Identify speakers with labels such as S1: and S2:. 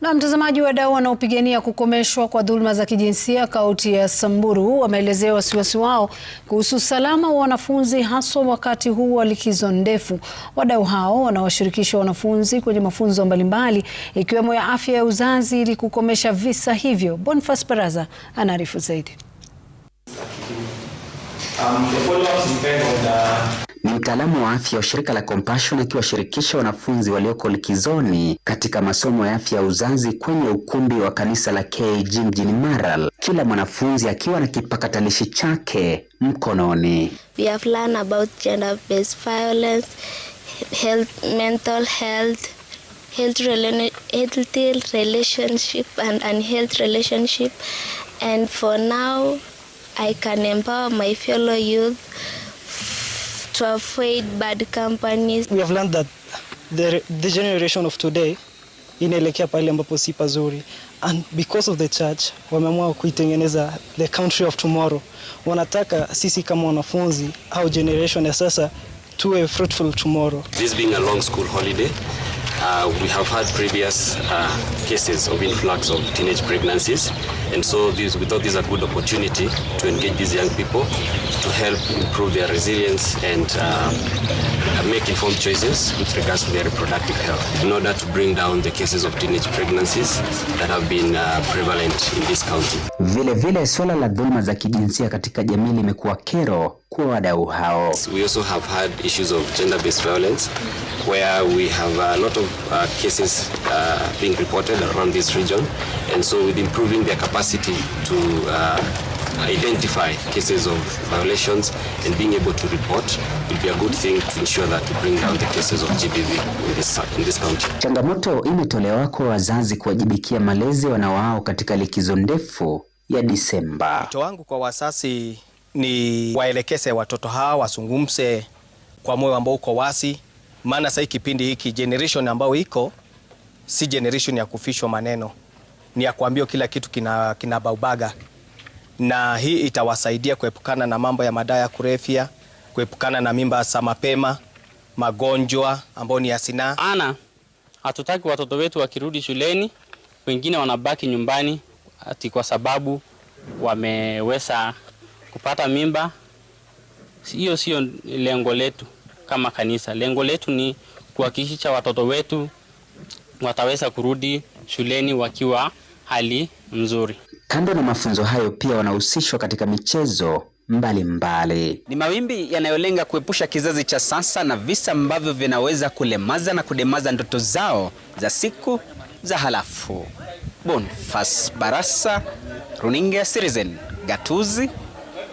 S1: Na mtazamaji, wadau wanaopigania kukomeshwa kwa dhuluma za kijinsia kaunti ya Samburu wameelezea wasiwasi wao kuhusu usalama wa wanafunzi haswa wakati huu wa likizo ndefu. Wadau hao wanawashirikisha wanafunzi kwenye mafunzo mbalimbali ikiwemo ya afya ya uzazi ili kukomesha visa hivyo. Boniface Baraza anaarifu zaidi.
S2: Um, ni mtaalamu wa afya wa shirika la Compassion akiwashirikisha wanafunzi walioko likizoni katika masomo ya afya ya uzazi kwenye ukumbi wa kanisa la KG mjini Maral, kila mwanafunzi akiwa na kipakatalishi chake mkononi.
S3: We have learned about gender based violence, health, mental health healthy relationship and unhealthy relationship and for now I can empower my fellow youth to avoid bad companies.
S4: We have learned that the, the generation of today inaelekea pale ambapo si pazuri and because of the church wameamua kuitengeneza the country of tomorrow. Wanataka sisi kama wanafunzi au generation ya sasa tuwe fruitful tomorrow.
S5: This being a long school holiday Uh, we have had previous uh, cases of influx of teenage pregnancies and so this, we thought this is a good opportunity to engage these young people to help improve their resilience and uh, make informed choices with regards to their reproductive health in order to bring down the cases of teenage pregnancies that have been uh, prevalent in this county.
S1: Vile vile swala la dhulma za kijinsia katika jamii limekuwa kero kwa wadau hao.
S5: We also have had issues of gender-based violence where we have a lot of uh, cases uh, being reported around this region. And so with improving their capacity to uh, identify cases of violations and being able to report will be a good thing to ensure that we bring down the cases of GBV in this, in this county.
S1: Changamoto imetolewa kwa wazazi kuwajibikia malezi wanawao katika likizo ndefu ya Disemba. Wito
S6: wangu kwa wasasi ni waelekeze watoto hawa wasungumse kwa moyo ambao uko wasi maana sasa kipindi hiki generation ambayo iko si generation ya kufishwa maneno, ni ya kuambiwa kila kitu kina, kina baubaga, na hii itawasaidia kuepukana na mambo ya madawa ya kurefia, kuepukana na mimba za mapema, magonjwa ambayo ni ya sinaa.
S7: Ana hatutaki watoto wetu wakirudi shuleni, wengine wanabaki nyumbani ati kwa sababu wameweza kupata mimba. Hiyo sio lengo letu kama kanisa. Lengo letu ni kuhakikisha watoto wetu wataweza kurudi shuleni wakiwa hali nzuri.
S1: Kando na mafunzo hayo, pia wanahusishwa katika michezo mbalimbali mbali. Ni mawimbi yanayolenga kuepusha kizazi cha sasa na visa ambavyo vinaweza kulemaza na kudemaza ndoto zao za siku za halafu. Bonfas Barasa, Runinga Citizen, Gatuzi.